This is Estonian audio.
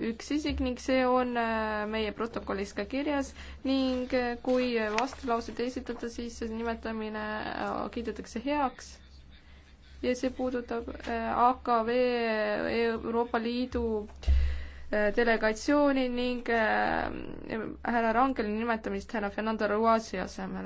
üks isik ning see on äh, meie protokollis ka kirjas ning äh, kui vastulauset esitada, siis see nimetamine äh, kiidetakse heaks. ja see puudutab AKV Euroopa Liidu delegatsiooni ning härra Rangeli nimetamist härra Fernando Ruasi asemel.